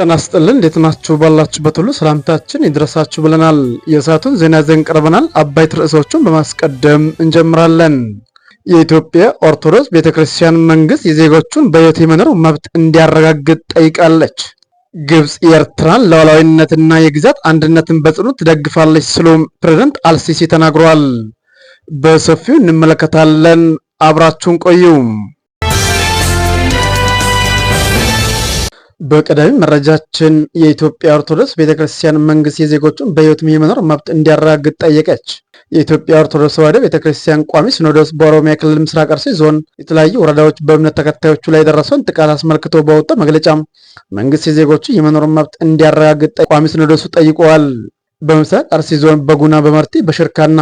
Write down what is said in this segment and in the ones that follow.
ጤና ይስጥልን እንዴት ናችሁ? ባላችሁበት ሁሉ ሰላምታችን ይድረሳችሁ ብለናል። የሰዓቱን ዜና ይዘን ቀርበናል። አበይት ርዕሶቹን በማስቀደም እንጀምራለን። የኢትዮጵያ ኦርቶዶክስ ቤተ ክርስቲያን መንግስት የዜጎቹን በሕይወት የመኖር መብት እንዲያረጋግጥ ጠይቃለች። ግብፅ የኤርትራን ሉዓላዊነትና የግዛት አንድነትን በጽኑ ትደግፋለች ሲሉም ፕሬዝዳንት አልሲሲ ተናግሯል። በሰፊው እንመለከታለን። አብራችሁን ቆዩም በቀዳሚ መረጃችን የኢትዮጵያ ኦርቶዶክስ ቤተክርስቲያን መንግስት የዜጎቹን በህይወት የመኖር መብት እንዲያረጋግጥ ጠየቀች። የኢትዮጵያ ኦርቶዶክስ ተዋሕዶ ቤተክርስቲያን ቋሚ ሲኖዶስ በኦሮሚያ ክልል ምስራቅ አርሲ ዞን የተለያዩ ወረዳዎች በእምነት ተከታዮቹ ላይ የደረሰውን ጥቃት አስመልክቶ በወጣው መግለጫ መንግስት የዜጎቹ የመኖር መብት እንዲያረጋግጥ ቋሚ ሲኖዶሱ ጠይቀዋል። በምስራቅ አርሲ ዞን በጉና በመርቲ በሽርካና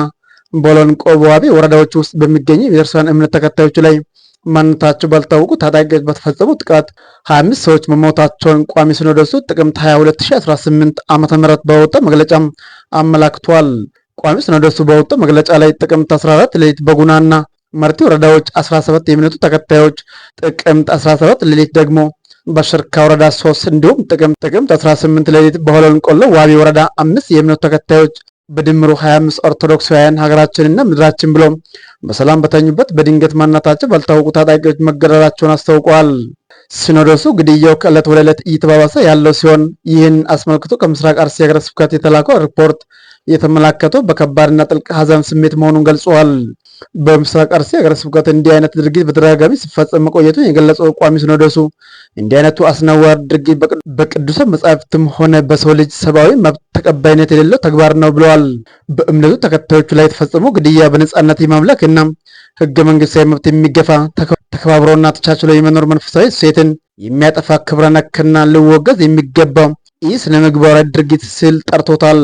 በሎንቆ ቆቦ ወረዳዎች ውስጥ በሚገኙ የቤተክርስቲያን እምነት ተከታዮች ላይ ማንነታቸው ባልታወቁ ታጣቂዎች በተፈጸመው ጥቃት 25 ሰዎች መሞታቸውን ቋሚ ሲኖዶሱ ጥቅምት 22018 2018 ዓ ም በወጣ መግለጫ አመላክቷል። ቋሚ ሲኖዶሱ በወጣ መግለጫ ላይ ጥቅምት 14 ሌሊት በጉናና መርቲ ወረዳዎች 17 የሚነቱ ተከታዮች፣ ጥቅምት 17 ሌሊት ደግሞ በሽርካ ወረዳ 3 እንዲሁም ጥቅምት 18 ሌሊት በሆሎን ቆሎ ዋቢ ወረዳ 5 የሚነቱ ተከታዮች በድምሩ 25 ኦርቶዶክሳውያን ሀገራችንና ምድራችን ብሎም በሰላም በተኙበት በድንገት ማናታቸው ባልታወቁ ታጣቂዎች መገደላቸውን አስታውቀዋል። ሲኖዶሱ ግድያው ከዕለት ወደ ዕለት እየተባባሰ ያለው ሲሆን ይህን አስመልክቶ ከምስራቅ አርሲ ሀገረ ስብከት የተላከው ሪፖርት የተመላከተው በከባድና ጥልቅ ሀዘን ስሜት መሆኑን ገልጿል። በምስራቅ አርሲ ሀገረ ስብከት እንዲህ አይነት ድርጊት በተደጋጋሚ ሲፈጸም መቆየቱን የገለጸው ቋሚ ሲኖዶሱ እንዲህ አይነቱ አስነዋር ድርጊት በቅዱሳን መጻሕፍትም ሆነ በሰው ልጅ ሰብአዊ መብት ተቀባይነት የሌለው ተግባር ነው ብለዋል። በእምነቱ ተከታዮቹ ላይ የተፈጸመው ግድያ በነጻነት የማምለክ እና ህገ መንግስታዊ መብት የሚገፋ ተከባብሮና ተቻችሎ የመኖር መንፈሳዊ ሴትን የሚያጠፋ ክብረ ነክና ልወገዝ የሚገባ ይህ ስነ ምግባራዊ ድርጊት ሲል ጠርቶታል።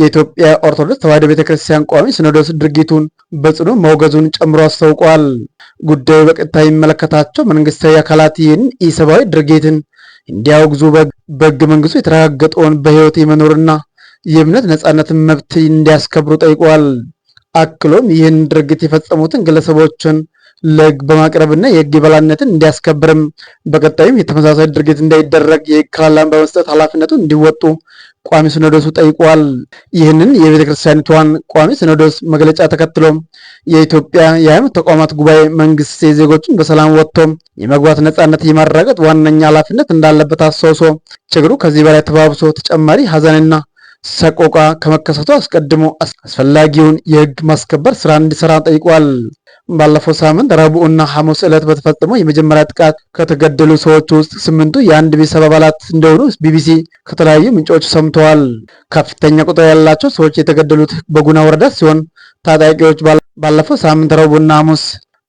የኢትዮጵያ ኦርቶዶክስ ተዋሕዶ ቤተክርስቲያን ቋሚ ሲኖዶስ ድርጊቱን በጽኑ መውገዙን ጨምሮ አስታውቋል። ጉዳዩ በቀጥታ የሚመለከታቸው መንግስታዊ አካላት ይህን ኢሰብአዊ ድርጊትን እንዲያወግዙ በሕገ መንግስቱ የተረጋገጠውን በህይወት የመኖርና የእምነት ነጻነትን መብት እንዲያስከብሩ ጠይቋል። አክሎም ይህን ድርጊት የፈጸሙትን ግለሰቦችን ለህግ በማቅረብና የህግ የበላይነትን እንዲያስከብርም በቀጣዩም የተመሳሳይ ድርጊት እንዳይደረግ የህግ ከለላን በመስጠት ኃላፊነቱን እንዲወጡ ቋሚ ሲኖዶሱ ጠይቋል። ይህንን የቤተ ክርስቲያኒቷን ቋሚ ሲኖዶስ መግለጫ ተከትሎ የኢትዮጵያ የሃይማኖት ተቋማት ጉባኤ መንግስት የዜጎችን በሰላም ወጥቶ የመግባት ነጻነት የማረጋገጥ ዋነኛ ኃላፊነት እንዳለበት አስታውሶ ችግሩ ከዚህ በላይ ተባብሶ ተጨማሪ ሀዘንና ሰቆቃ ከመከሰቱ አስቀድሞ አስፈላጊውን የህግ ማስከበር ስራ እንዲሰራ ጠይቋል። ባለፈው ሳምንት ረቡዕ እና ሐሙስ ዕለት በተፈጸመው የመጀመሪያ ጥቃት ከተገደሉ ሰዎች ውስጥ ስምንቱ የአንድ ቤተሰብ አባላት እንደሆኑ ቢቢሲ ከተለያዩ ምንጮች ሰምተዋል። ከፍተኛ ቁጥር ያላቸው ሰዎች የተገደሉት በጉና ወረዳ ሲሆን ታጣቂዎች ባለፈው ሳምንት ረቡዕና ሐሙስ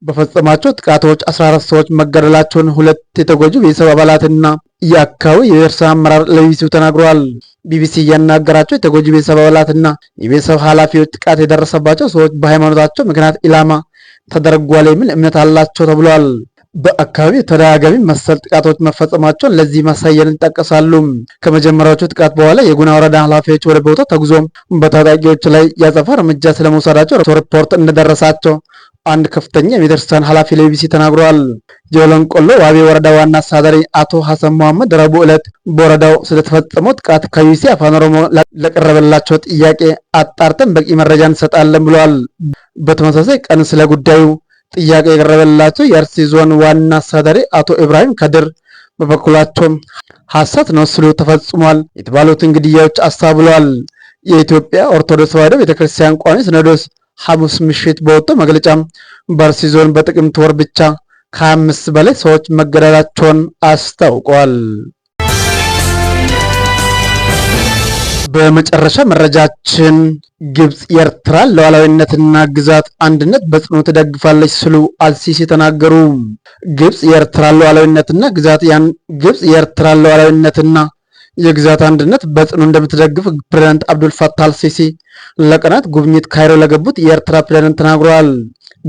በፈጸማቸው ጥቃቶች 14 ሰዎች መገደላቸውን ሁለት የተጎጁ ቤተሰብ አባላትና የአካባቢ የእርሳ አመራር ለቢቢሲው ተናግረዋል። ቢቢሲ እያናገራቸው የተጎጂ ቤተሰብ አባላትና የቤተሰብ ኃላፊዎች ጥቃት የደረሰባቸው ሰዎች በሃይማኖታቸው ምክንያት ኢላማ ተደርጓል የሚል እምነት አላቸው ተብሏል። በአካባቢው ተደጋጋሚ መሰል ጥቃቶች መፈጸማቸውን ለዚህ ማሳያን ይጠቀሳሉ። ከመጀመሪያዎቹ ጥቃት በኋላ የጉና ወረዳ ኃላፊዎች ወደ ቦታው ተጉዞም በታጣቂዎች ላይ ያጸፋ እርምጃ ስለመውሰዳቸው ሪፖርት እንደደረሳቸው አንድ ከፍተኛ የቤተክርስቲያን ኃላፊ ለቢቢሲ ተናግረዋል። ቆሎ ዋቤ ወረዳ ዋና አስተዳዳሪ አቶ ሐሰን መሐመድ ረቡዕ ዕለት በወረዳው ስለተፈጸመው ጥቃት ከቢቢሲ አፋን ኦሮሞ ለቀረበላቸው ጥያቄ አጣርተን በቂ መረጃ እንሰጣለን ብለዋል። በተመሳሳይ ቀን ስለ ጉዳዩ ጥያቄ የቀረበላቸው የአርሲ ዞን ዋና አስተዳዳሪ አቶ ኢብራሂም ከድር በበኩላቸውም ሐሰት ነው ስሉ ተፈጽሟል የተባሉትን ግድያዎች አስተባብለዋል። የኢትዮጵያ ኦርቶዶክስ ተዋሕዶ ቤተክርስቲያን ቋሚ ሲኖዶስ ሐሙስ ምሽት በወጣው መግለጫ በአርሲ ዞን በጥቅምት ወር ብቻ ከአምስት በላይ ሰዎች መገደላቸውን አስታውቋል። በመጨረሻ መረጃችን ግብጽ የኤርትራ ሉዓላዊነትና ግዛት አንድነት በጽኑ ትደግፋለች ሲሉ አልሲሲ ተናገሩ። ግብጽ የኤርትራን ሉዓላዊነትና ግዛት ግብጽ የኤርትራን ሉዓላዊነትና የግዛት አንድነት በጽኑ እንደምትደግፍ ፕሬዚዳንት አብዱል አልሲሲ ለቀናት ጉብኝት ካይሮ ለገቡት የኤርትራ ፕሬዚዳንት ተናግረዋል።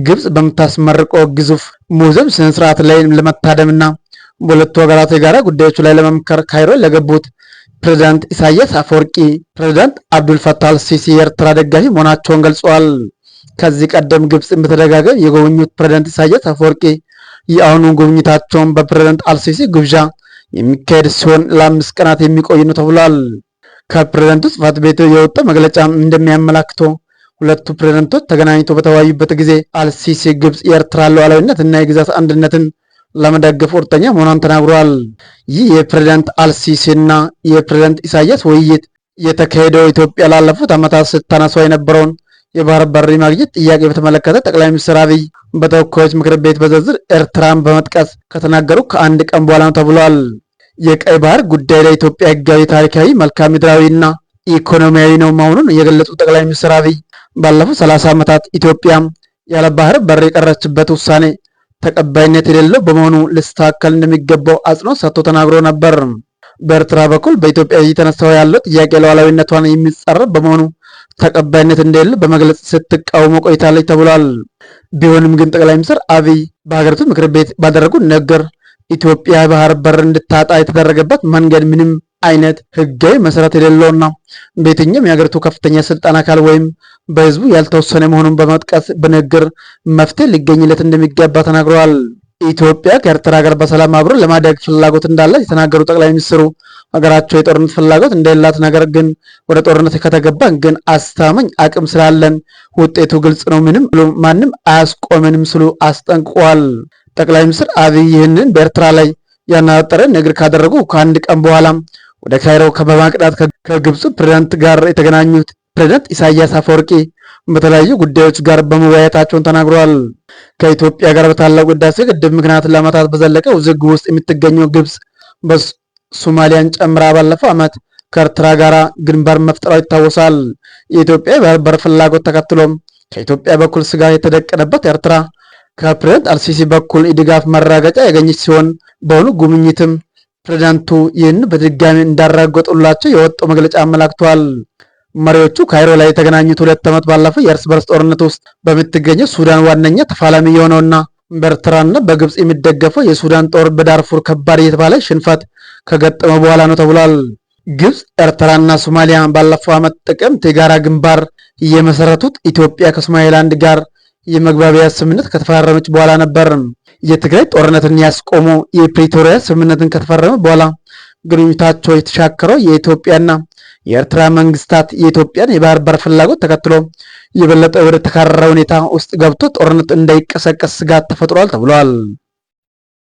ግብጽ በምታስመርቀው ግዙፍ ሙዚየም ስነስርዓት ላይ ለመታደምና በሁለቱ ሀገራት የጋራ ጉዳዮች ላይ ለመምከር ካይሮ ለገቡት ፕሬዚዳንት ኢሳያስ አፈወርቂ ፕሬዚዳንት አብዱል አልሲሲ የኤርትራ ደጋፊ መሆናቸውን ገልጸዋል። ከዚህ ቀደም ግብጽ በተደጋገም የጎበኙት ፕሬዚዳንት ኢሳያስ አፈወርቂ የአሁኑ ጉብኝታቸውን በፕሬዚዳንት አልሲሲ ግብዣ የሚካሄድ ሲሆን ለአምስት ቀናት የሚቆይ ነው ተብሏል። ከፕሬዝዳንቱ ጽህፈት ቤት የወጣ መግለጫ እንደሚያመላክተው ሁለቱ ፕሬዝደንቶች ተገናኝቶ በተወያዩበት ጊዜ አልሲሲ ግብጽ የኤርትራ ሉዓላዊነት እና የግዛት አንድነትን ለመደገፍ ቁርጠኛ መሆኗን ተናግሯል። ይህ የፕሬዝዳንት አልሲሲ እና የፕሬዝዳንት ኢሳያስ ውይይት የተካሄደው ኢትዮጵያ ላለፉት ዓመታት ስታነሳው የነበረውን የባህር በር ማግኘት ጥያቄ በተመለከተ ጠቅላይ ሚኒስትር አብይ በተወካዮች ምክር ቤት በዝርዝር ኤርትራን በመጥቀስ ከተናገሩ ከአንድ ቀን በኋላ ነው ተብሏል። የቀይ ባህር ጉዳይ ለኢትዮጵያ ህጋዊ፣ ታሪካዊ፣ መልክዓ ምድራዊና ኢኮኖሚያዊ ነው መሆኑን የገለጹት ጠቅላይ ሚኒስትር አብይ ባለፉት ሰላሳ ዓመታት ኢትዮጵያ ያለ ባህር በር የቀረችበት ውሳኔ ተቀባይነት የሌለው በመሆኑ ልስተካከል እንደሚገባው አጽንኦት ሰጥቶ ተናግሮ ነበር። በኤርትራ በኩል በኢትዮጵያ እየተነሳ ያለው ጥያቄ ሉዓላዊነቷን የሚጻረር በመሆኑ ተቀባይነት እንደሌለ በመግለጽ ስትቃወሙ ቆይታለች ተብሏል። ቢሆንም ግን ጠቅላይ ሚኒስትር አብይ በሀገሪቱ ምክር ቤት ባደረጉት ንግግር ኢትዮጵያ ባህር በር እንድታጣ የተደረገበት መንገድ ምንም አይነት ህጋዊ መሰረት የሌለውና በየትኛውም የሀገሪቱ ከፍተኛ ስልጣን አካል ወይም በህዝቡ ያልተወሰነ መሆኑን በመጥቀስ በንግግር መፍትሄ ሊገኝለት እንደሚገባ ተናግረዋል። ኢትዮጵያ ከኤርትራ ጋር በሰላም አብሮ ለማደግ ፍላጎት እንዳላት የተናገሩ ጠቅላይ ሚኒስትሩ ሀገራቸው የጦርነት ፍላጎት እንደሌላት ነገር ግን ወደ ጦርነት ከተገባን ግን አስተማማኝ አቅም ስላለን ውጤቱ ግልጽ ነው፣ ምንም ማንም አያስቆመንም ስሉ አስጠንቅቋል። ጠቅላይ ሚኒስትር አብይ ይህንን በኤርትራ ላይ ያናጠረን ንግግር ካደረጉ ከአንድ ቀን በኋላ ወደ ካይሮ በማቅዳት ከግብፅ ከግብፁ ፕሬዝዳንት ጋር የተገናኙት ፕሬዝዳንት ኢሳያስ አፈወርቂ በተለያዩ ጉዳዮች ጋር በመወያየታቸውን ተናግረዋል። ከኢትዮጵያ ጋር በታላቁ ሕዳሴ ግድብ ምክንያት ለዓመታት በዘለቀው ዝግ ውስጥ የምትገኘው ግብፅ ሶማሊያን ጨምራ ባለፈው ዓመት ከኤርትራ ጋር ግንባር መፍጠራው ይታወሳል። የኢትዮጵያ የባህር በር ፍላጎት ተከትሎም ከኢትዮጵያ በኩል ስጋ የተደቀነበት ኤርትራ ከፕሬዝዳንት አልሲሲ በኩል የድጋፍ ማረጋገጫ ያገኘች ሲሆን በአሁኑ ጉብኝትም ፕሬዝዳንቱ ይህን በድጋሚ እንዳረጋገጡላቸው የወጣው መግለጫ አመላክቷል። መሪዎቹ ካይሮ ላይ የተገናኙት ሁለት ዓመት ባለፈው የእርስ በርስ ጦርነት ውስጥ በምትገኘው ሱዳን ዋነኛ ተፋላሚ የሆነውና በኤርትራና በግብፅ የሚደገፈው የሱዳን ጦር በዳርፉር ከባድ የተባለ ሽንፈት ከገጠመ በኋላ ነው ተብሏል። ግብፅ፣ ኤርትራና ሶማሊያ ባለፈው ዓመት ጥቅምት የጋራ ግንባር የመሰረቱት ኢትዮጵያ ከሶማሌላንድ ጋር የመግባቢያ ስምምነት ከተፈራረመች በኋላ ነበር። የትግራይ ጦርነትን ያስቆሙ የፕሪቶሪያ ስምምነትን ከተፈረመ በኋላ ግንኙታቸው የተሻከረው የኢትዮጵያና የኤርትራ መንግስታት የኢትዮጵያን የባህር በር ፍላጎት ተከትሎ የበለጠ ወደ ተካረረ ሁኔታ ውስጥ ገብቶ ጦርነት እንዳይቀሰቀስ ስጋት ተፈጥሯል ተብሏል።